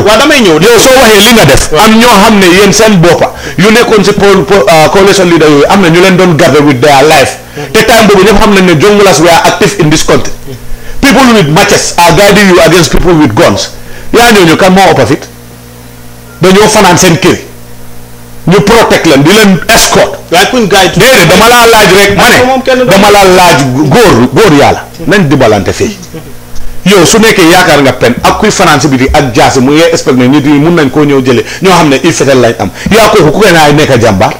[SPEAKER 2] wala ñëw yow soo li nga def am ñoo xam ne yéen seen boppa yu nekkoon si euh, coalition leader yooyu am na ñu leen doon garder with their life te time boobu ñëpp xam nañ ne jongulas we are active in this country people with matches are guiding you against people with guns yaa ñooñu kan moo ëpp dañoo fanaan seen kër ñu protect leen di leen escort. déedéet dama laa laaj rek ma ne dama laa laaj góor góor yàlla nañ dimbalante fii yow su nekkee yaakaar nga pen ak kuy France bi di ak jaasi mu ngay expect ne nit mun nañ koo ñëw jële ñoo xam ne il fetel lañ am yaa kooku ku koy naay nekk jàmbaar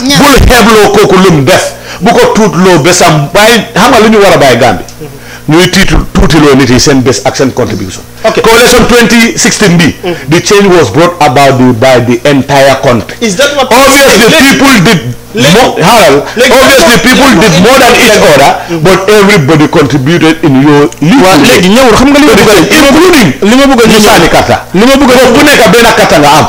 [SPEAKER 2] bul xeebloo kooku lum def bu ko tuutloo bésam bàyyi xam nga lu ñu war a bàyyi Gambie mm-hmm. ñuy tiitu tuutiloo nit yi seen bés ak seen contribution Okay. Coalition 2016 B. Mm. The change was brought about by the entire country.
[SPEAKER 3] Is that what obviously people did
[SPEAKER 2] more, Harold, obviously people did more than each other, but everybody contributed in your equal léegi ñëwul xam nga li ma bëgg a including li ma bëgg a ñu saani karta li ma bëgg a ku nekk benn karta nga am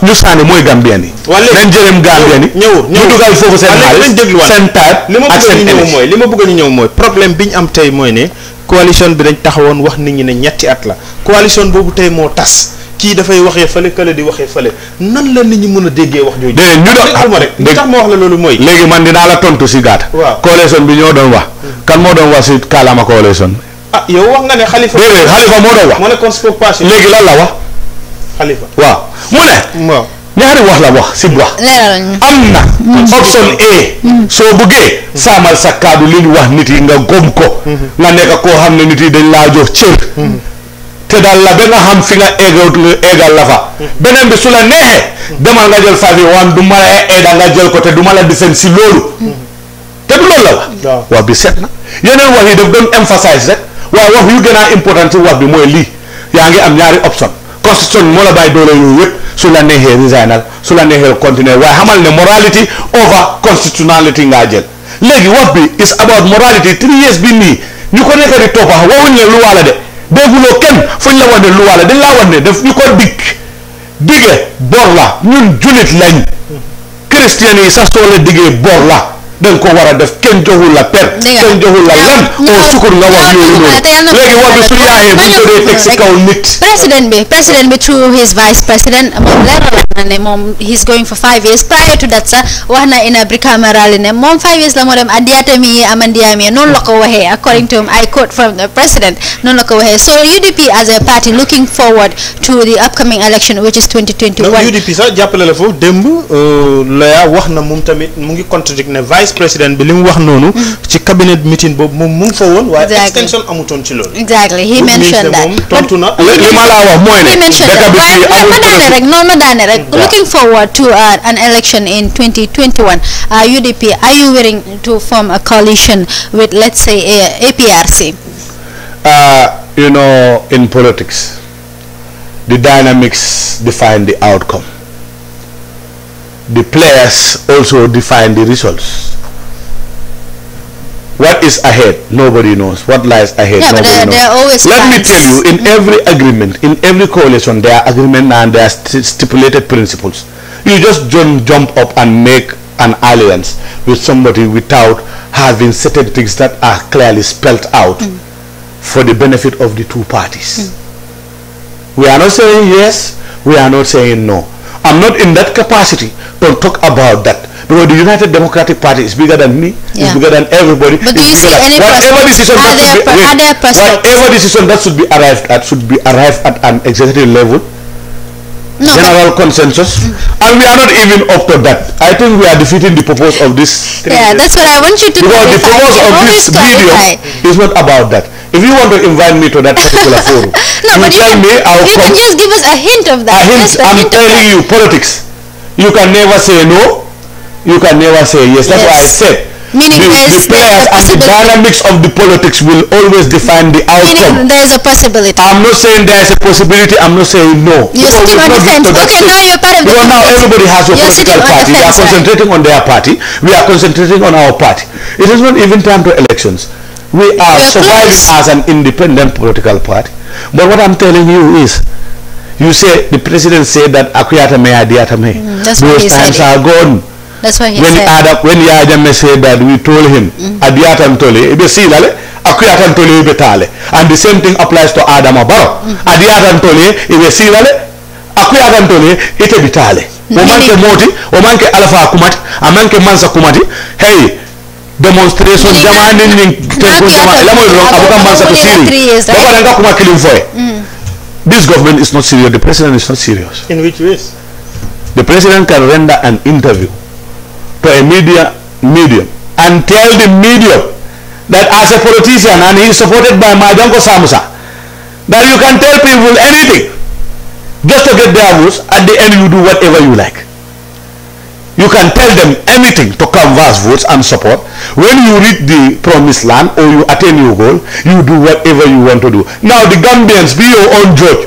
[SPEAKER 3] ñu saani mooy Gambien yi nañ jërëm Gambien yi ñëwul ñu dugal foofu seen xaalis seen taat ak seen ma a ñu mooy li ma bëgg ñu ñëw mooy problème bi ñu am tey mooy ne coalition bi dañ taxawoon wax nit ñi ne ñetti at la coalition boobu tey moo tas kii dafay waxee fële kële di waxee fële nan la nit ñi mën a déggee wax jooju. déedéet ñu doon ma rek li tax wax la loolu mooy. léegi man dinaa la tontu
[SPEAKER 2] si gàtt. waaw coalition bi ñoo doon wax. Hmm. kan moo doon wax si kaalaama coalition bi.
[SPEAKER 3] ah yow wax nga ne xalifa. déedéet xalifa moo doon wax. moo nekkoon si léegi lan la wax. xalifa waaw mu ne. ñaari wax la wax si wax.
[SPEAKER 4] am
[SPEAKER 2] na. Mm. option A. Mm. soo bëggee. saamal sa kaddu li wax nit yi nga gom ko. Mm-hmm. nga nekk koo xam ne nit yi dañ laa jox cër. Mm-hmm. te daal la ba nga xam fi nga eggal fa. Mm-hmm. beneen bi su la neexee. demal nga jël fànn waan du ma la eeda nga jël ko te du ma la diseen si loolu. te du loolu la wax. wax bi set na yeneen wax yi daf doon emphasize rek waaye wax yu gën a important ci wax bi mooy lii yaa ngi am ñaari option. constitution moo la bàyyi doole yooyu yëpp su la neexee resignal su la neexee continuer waaye xamal ne morality over constitutionality ngaa jël léegi wax bi is about morality three years bi nii ñu ko nekk di toppa waxuñ ne lu waala de dégguloo kenn fuñ la wax ne lu waala dañ laa de ne daf ñu ko dig dige bor la ñun julit lañ christian yi sax soo la bor la da nga ko war a def kenn joxul la per kenn joxul la lan oo sukur nga wax yooyu noonu léegi wax bi su yaayee bu ñu dee teg si kaw nit
[SPEAKER 1] président bi président his vice president moom leeral na ne moom he's going for five years prior to that sax wax na ina bicameral ne moom five years la moo dem adiatami amandiami noonu la ko waxee according to him I quote from the president noonu la ko waxee so UDP as a party looking forward to the upcoming election which is 2021
[SPEAKER 3] UDP sax jàppale la foofu démb euh, laya wax na moom mu ngi contradict vice president bi li mu wax noonu. Mm-hmm. ci cabinet meeting boobu moom mu fa extension amutoon ci loolu.
[SPEAKER 1] exactly he mentioned that li ma
[SPEAKER 3] wax ne. bi
[SPEAKER 1] amul rek rek. looking forward to uh, an election in 2021 UDP uh, are you willing to form a coalition with let's say APRC.
[SPEAKER 2] Uh, you know in politics the dynamics define the outcome the players also define the results. What is ahead? Nobody knows. What lies ahead? Yeah, Nobody but there, knows. There Let plans. me tell you, in every agreement, in every coalition, there are agreements and there are stipulated principles. You just don't jump up and make an alliance with somebody without having certain things that are clearly spelled out mm. for the benefit of the two parties. Mm. We are not saying yes, we are not saying no I'm not in that capacity to talk about that. Because the United Democratic Party is bigger than me, yeah. it's bigger than everybody. But do you see any whatever decision, are there, be, wait, are there whatever decision that should be arrived at should be arrived at an executive level. No, general consensus mm. and we are not even up to that i think we are defeating the purpose of this yeah that's what i want you to because the purpose of this video is not about that if you want to invite me to that particular forum, no, you tell you me I'll You can just
[SPEAKER 1] give us a hint of that. A hint. Just a I'm
[SPEAKER 2] hint telling you, politics. You can never say no. You can never say yes. That's yes. why I said Meaning the, the players and the dynamics of the politics will always define the outcome. Meaning
[SPEAKER 1] there is a possibility. I'm not
[SPEAKER 2] saying there is a possibility. I'm not saying no. You're because sitting on the fence. Okay, now you're part of the Because now everybody has a political party. The they are concentrating right? on their party. We are concentrating on our party. It is not even time to elections. We are surviving as an independent political party. But what I'm telling you is, you say the president said that Akuyata me, Adiata me. Mm, that's Those times are gone.
[SPEAKER 1] That's why he when said. Adam, when
[SPEAKER 2] Adam said that, we told him, mm. Adiatam tole, see silale, Akuyatam tole ebe And the same thing applies to Adam Abaro. Mm -hmm. if you see silale, Akuyatam tole, ite bitale. Omanke moti, omanke alfa kumati, amanke mansa kumati, hey, demonstration jamani nini tenkunjuma elamo ilong abuka mbanza kusiri babalenga kuma kilimfoe this government is not serious the president is not serious
[SPEAKER 3] in which ways
[SPEAKER 2] the president can render an interview to a media medium and tell the media that as a politician and he is supported by Majanko Samusa that you can tell people anything just to get their votes at the end you do whatever you like you can tell them anything to canvass votes and support. When you reach the promised land or you attain your goal, you do whatever you want to do. Now the Gambians, be your own judge.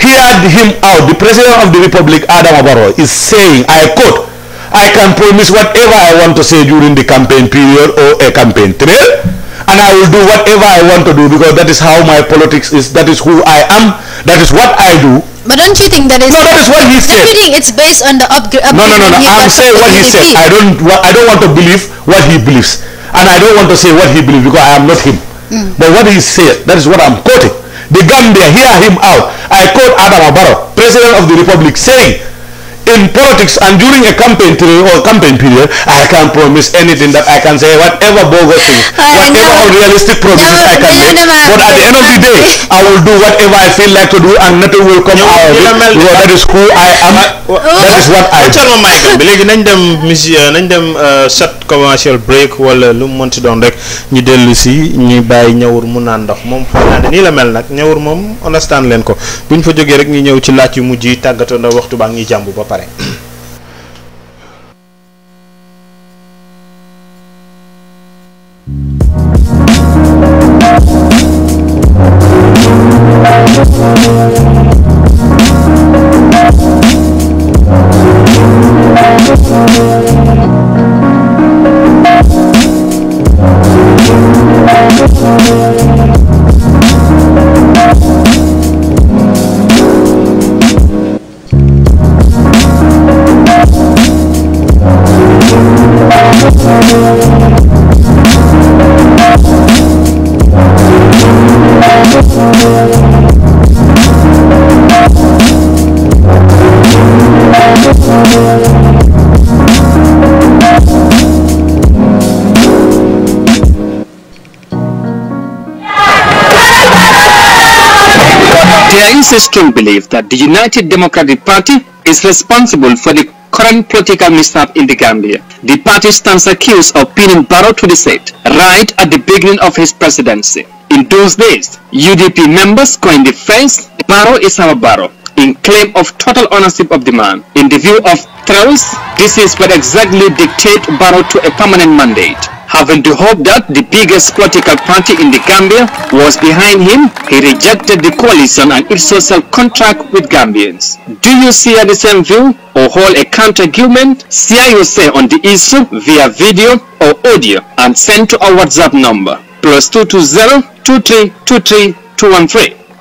[SPEAKER 2] Hear him out. The President of the Republic, Adam Abaro, is saying, I quote, I can promise whatever I want to say during the campaign period or a campaign trail. And I will do whatever I want to do because that is how my politics is. That is who I am. That is what I do.
[SPEAKER 1] But don't you think that is no? That is what he said. think it's based on the upgrade. no, no, no, no. I'm saying what he said. I
[SPEAKER 2] don't. I don't want to believe what he believes, and I don't want to say what he believes because I am not him. Mm. But what he said, that is what I'm quoting. The Gambia, hear him out. I quote Adam Abaro, President of the Republic, saying in politics and during a campaign period or campaign period, I can promise anything that I can say whatever bogus thing, whatever now, unrealistic promises I can make. But at the end of the day, I will do whatever I feel like to do, and nothing will come out of it. Because that is who I am. That is oh. what I. Tell me, Mike.
[SPEAKER 3] Belegi nandem monsieur nandem euh, set commercial break while lum mu mënti doon You ñu dellu you buy bàyyi ñawur mu naan ndox moom foog naa la mel nag ñawur understand lenko. ko buñ fa jógee rek ñu ñëw ci laaj yu mujj পারে very strong belief that the United Democratic Party is responsible for the current political mishap in the Gambia. The party stands accused of pinning Barrow to the seat right at the beginning of his presidency. In those days, UDP members coined the phrase, Barrow is our Barrow in claim of total ownership of the man. In the view of Strauss, this is what exactly dictate Barrow to a permanent mandate. Having the hope that the biggest political party in the Gambia was behind him, he rejected the coalition and its social contract with Gambians. Do you share the same view or hold a counter-argument? Share your say on the issue via video or audio and send to our WhatsApp number plus 220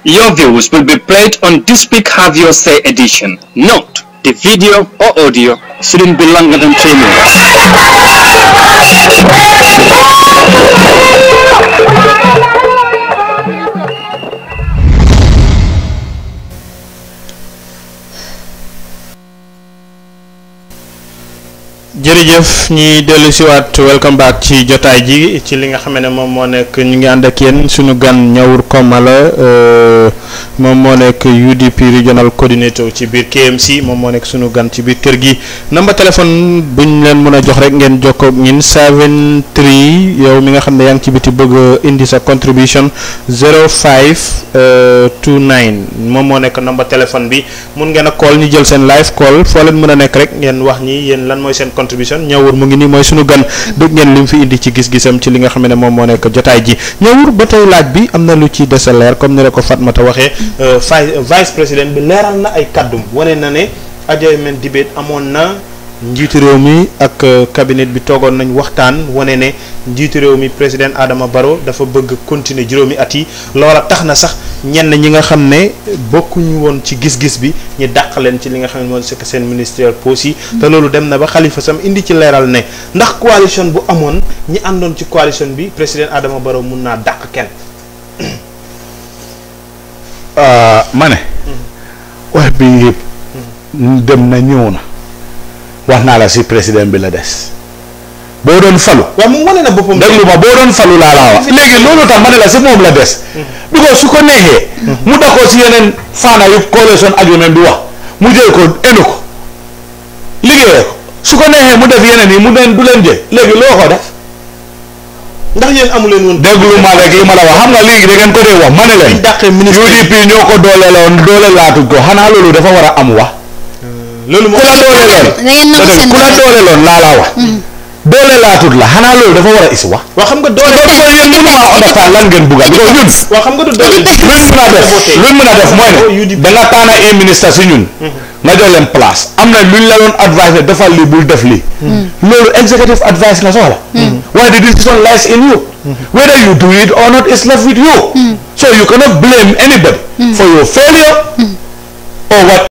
[SPEAKER 3] your views will be played on this Speak Have Your Say edition. Note, the video or audio shouldn't be longer than 3 minutes. jërëjëf ñi dellu si waat welcome back ci jotaay ji ci li nga xamee ne moom moo nekk ñu ngi ànd ak yéen suñu gan ñawur euh, moom moo nekk UDP regional coordinator ci biir KMC moom moo nekk suñu gan ci biir kër gi number téléphone buñ leen mën jox rek ngeen ñin 73 yow mi nga xam ne yaa ngi ci biti bëgg indi sa contribution 0529 euh, moom moo nekk number téléphone bi mun ngeen call ñu jël seen live call foo leen mën a nekk rek ngeen wax ñi yéen lan mooy seen contribution contribution ñawur mu ngi nii mooy suñu gan dégg ngeen li fi indi ci gis-gisam ci li nga xam ne moom moo nekk jotaay ji ñawur ba tey laaj bi am na lu ci des a leer comme ni la ko Fatmata waxee euh, euh, vice président bi leeral na ay kàddum wane na ne adjournment debate amoon na njiitu réew mi ak euh, cabinet bi toogoon nañu waxtaan wane ne njiitu réew mi président Adama Barrow dafa bëgg continuer juróomi at yi loola tax na sax ñenn ñi nga xam ne bokkuñu woon ci gis-gis bi ñu dàq leen ci li nga xam ne mooy seen ministériel post yi hmm. te loolu dem na ba xalifa sam indi ci leeral ne ndax coalition bu amoon ñi àndoon ci coalition bi président Adama Barrow mun naa dàq kenn.
[SPEAKER 2] Ah, ma ne.
[SPEAKER 3] Hmm.
[SPEAKER 2] wax bi yëpp. Hmm. dem na ñëw na. wax naa la si président bi la des. boo doon falu. waaw mu wane na boppam déglu ma boo doon falu laa laa wax léegi loolu tax ma ne la si moom la des. Hmm. bi ko su ko neexee. mu dakoo si yeneen faana yu coalition agreement bi wax mu jël ko enu ko liggéeyee ko su ko neexee mu def yeneen yi mu neen du leen jël léegi loo ko def. ndax yéen amu leen woon. déglu ma rek li ma la wax xam nga léegi da ngeen ko dee wax ma ne leen. UDP ñoo ko dooleeloon doolelaatuñ ko xanaa loolu dafa war a am wax. loolu moom ku la dooleeloon laa laa wax. Mm-hmm. doole laatut la xanaa loolu dafa war a is wax. waaw xam nga doole dafa yéen pour ma understand lan ngeen bugg a. waaw xam nga du doole luñ a def mooy ne oh, da nga tànn ay si ñun. Mm-hmm. nga jox leen place am na luñ la doon advice ne defal lii bul def lii. Mm-hmm. loolu executive advice la soxla. waaye the decision lies in you. whether you do it or not is left with you. so you cannot blame anybody.
[SPEAKER 4] for your failure. or what.